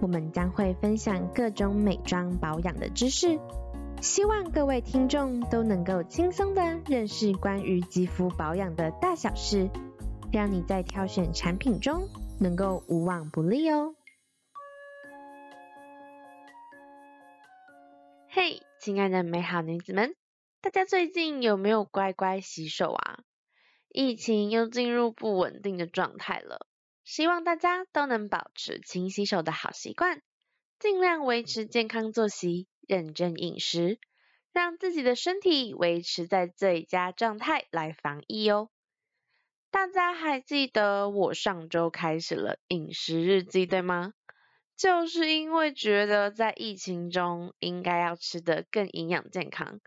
我們將會分享各種美妝保養的知識，希望各位聽眾都能夠輕鬆的認識關於肌膚保養的大小事，讓你在挑選產品中能夠無往不利哦。嘿，hey, 親愛的美好女子們，大家最近有沒有乖乖洗手啊？疫情又進入不穩定的狀態了。希望大家都能保持勤洗手的好習慣，儘量維持健康作息、認真飲食，讓自己的身體維持在最佳狀態來防疫哦。大家還記得我上周開始了飲食日記，對嗎？就是因為覺得在疫情中應該要吃得更營養健康，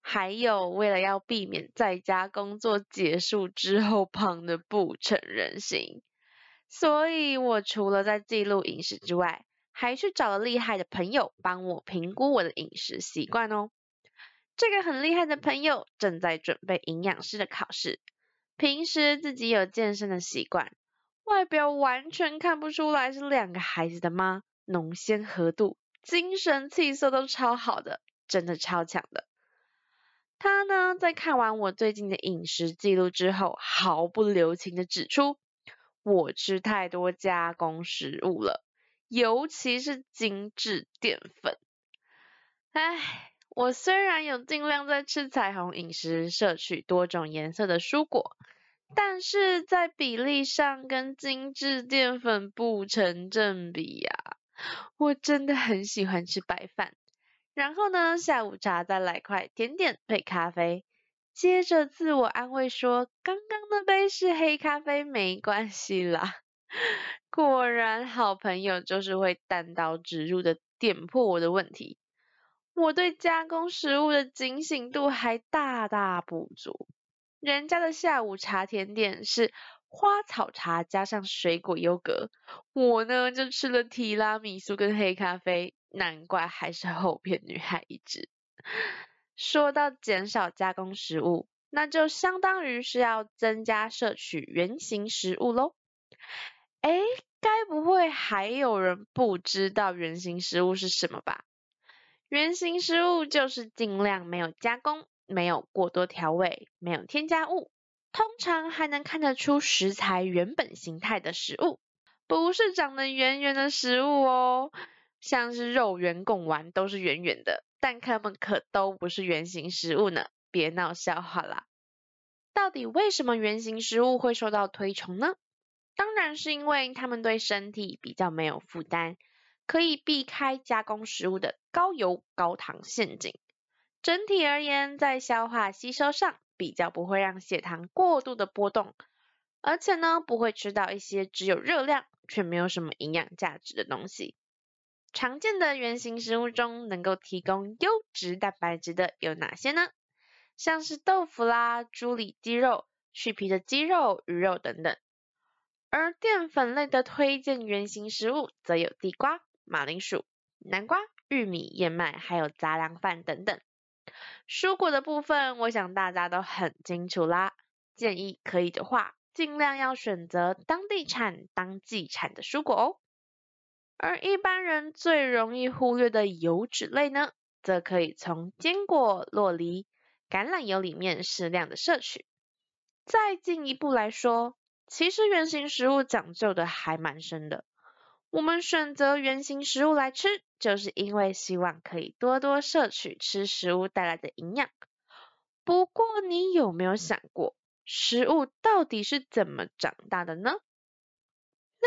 還有為了要避免在家工作結束之後胖得不成人形。所以我除了在記錄飲食之外，還去找了厲害的朋友幫我評估我的飲食習慣哦。這個很厲害的朋友正在準備營養師的考試，平時自己有健身的習慣，外表完全看不出來是兩個孩子的媽，穠纖合度，精神氣色都超好的，真的超強的。她呢，在看完我最近的飲食記錄之後，毫不留情的指出。我吃太多加工食物了，尤其是精緻澱粉。唉，我雖然有盡量在吃彩虹飲食，攝取多種顏色的蔬果，但是在比例上跟精緻澱粉不成正比呀。我真的很喜歡吃白飯，然後呢，下午茶再來塊甜點配咖啡。接着自我安慰說，剛剛那杯是黑咖啡，沒關係啦。果然，好朋友就是會單刀直入的點破我的問題。我對加工食物的警醒度還大大不足。人家的下午茶甜點是花草茶加上水果優格，我呢，就吃了提拉米蘇跟黑咖啡，難怪還是厚片女孩一隻。說到減少加工食物，那就相當於是要增加攝取原型食物嘍。誒，該不會還有人不知道原型食物是什麼吧？原型食物就是盡量沒有加工、沒有過多調味、沒有添加物，通常還能看得出食材原本形態的食物，不是長得圓圓的食物哦，像是肉圓、貢丸都是圓圓的。但它們可都不是原型食物呢，別鬧笑話啦。到底為什麼原型食物會受到推崇呢？當然是因為它們對身體比較沒有負擔，可以避開加工食物的高油高糖陷阱。整體而言，在消化吸收上比較不會讓血糖過度的波動，而且呢，不會吃到一些只有熱量卻沒有什麼營養價值的東西。常見的原型食物中，能夠提供優質蛋白質的有哪些呢？像是豆腐啦、豬里脊、雞肉、去皮的雞肉、魚肉等等。而澱粉類的推薦原型食物，則有地瓜、馬鈴薯、南瓜、玉米、燕麥，還有雜糧飯等等。蔬果的部分，我想大家都很清楚啦。建議可以的話，盡量要選擇當地產、當季產的蔬果哦。而一般人最容易忽略的油脂類呢，則可以從堅果、酪梨、橄欖油裡面適量的攝取。再進一步來說，其實原型食物講究的還蠻深的。我們選擇原型食物來吃，就是因為希望可以多多攝取吃食物帶來的營養。不過，你有沒有想過，食物到底是怎麼長大的呢？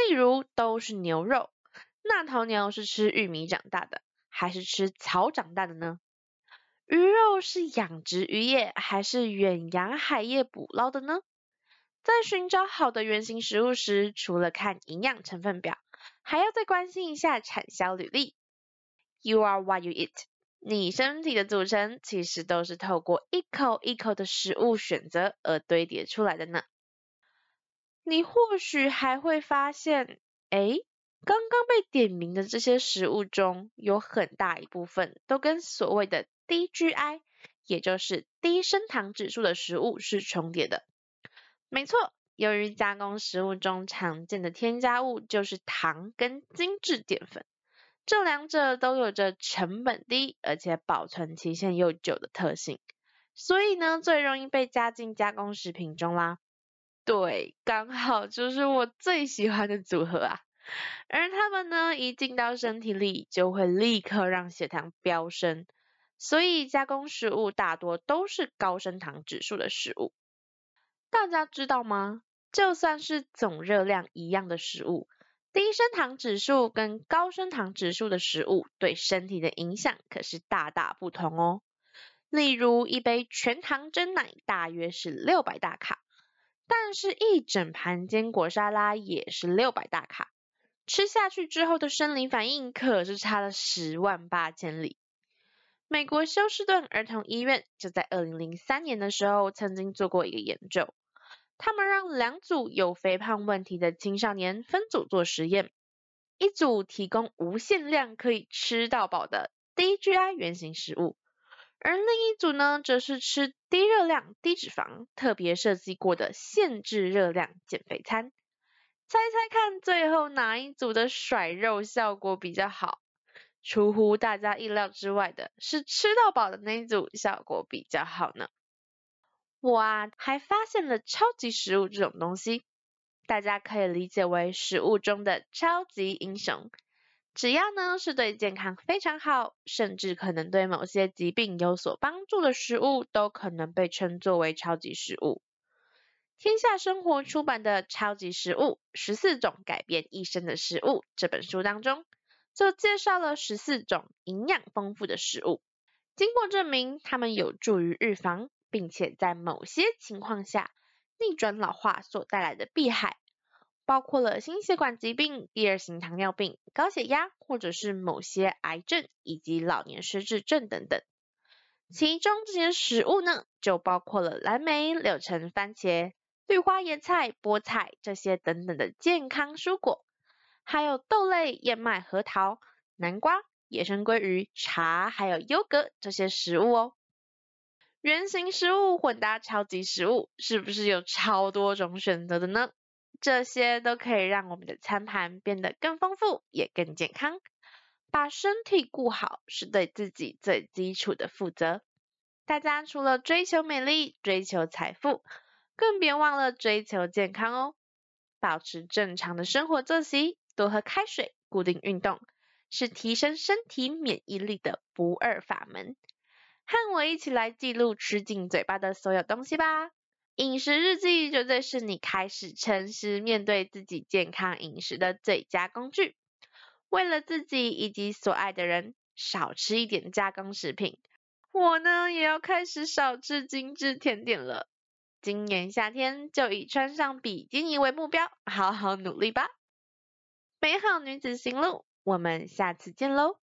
例如，都是牛肉。那頭牛是吃玉米長大的，還是吃草長大的呢？魚肉是養殖漁業，還是遠洋海業捕撈的呢？在尋找好的原型食物時，除了看營養成分表，還要再關心一下產銷履歷。You are what you eat。你身體的組成，其實都是透過一口一口的食物選擇而堆疊出來的呢。你或許還會發現，哎？剛剛被點名的這些食物中，有很大一部分都跟所謂的低 GI，也就是低升糖指數的食物是重疊的。沒錯，由於加工食物中常見的添加物就是糖跟精緻澱粉，這兩者都有着成本低而且保存期限又久的特性，所以呢，最容易被加進加工食品中啦。對，剛好就是我最喜歡的組合啊。而它們呢，一進到身體裡，就會立刻讓血糖飆升。所以加工食物大多都是高升糖指數的食物。大家知道嗎？就算是總熱量一樣的食物，低升糖指數跟高升糖指數的食物對身體的影響可是大大不同哦。例如一杯全糖珍奶大約是六百大卡，但是一整盤堅果沙拉也是六百大卡。吃下去之後的生理反應可是差了十萬八千里。美國休斯頓兒童醫院就在2003年的時候曾經做過一個研究，他們讓兩組有肥胖問題的青少年分組做實驗，一組提供無限量可以吃到飽的低 GI 原型食物，而另一組呢，則是吃低熱量、低脂肪、特別設計過的限制熱量減肥餐。猜猜看，最後哪一組的甩肉效果比較好？出乎大家意料之外的是，吃到飽的那一組效果比較好呢。我啊，還發現了超級食物這種東西，大家可以理解為食物中的超級英雄。只要呢，是對健康非常好，甚至可能對某些疾病有所幫助的食物，都可能被稱作為超級食物。天下生活出版的《超級食物：十四種改變一生的食物》這本書當中，就介紹了十四種營養豐富的食物，經過證明，它們有助於預防，並且在某些情況下逆轉老化所帶來的弊害，包括了心血管疾病、第二型糖尿病、高血壓，或者是某些癌症以及老年失智症等等。其中這些食物呢，就包括了藍莓、柳橙、番茄。綠花椰菜，菠菜這些等等的健康蔬果，還有豆類、燕麥、核桃、南瓜、野生鮭魚、茶，還有優格這些食物哦。原型食物混搭超級食物，是不是有超多種選擇的呢？這些都可以讓我們的餐盤變得更豐富，也更健康。把身體顧好，是對自己最基礎的負責。大家除了追求美麗，追求財富。更別忘了追求健康哦！保持正常的生活作息，多喝開水，固定運動，是提升身體免疫力的不二法門。和我一起來記錄吃進嘴巴的所有東西吧！飲食日記絕對是你開始誠實面對自己健康飲食的最佳工具。為了自己以及所愛的人，少吃一點加工食品。我呢，也要開始少吃精致甜點了。今年夏天就以穿上比基尼為目標，好好努力吧！美好女子行路，我們下次見嘍！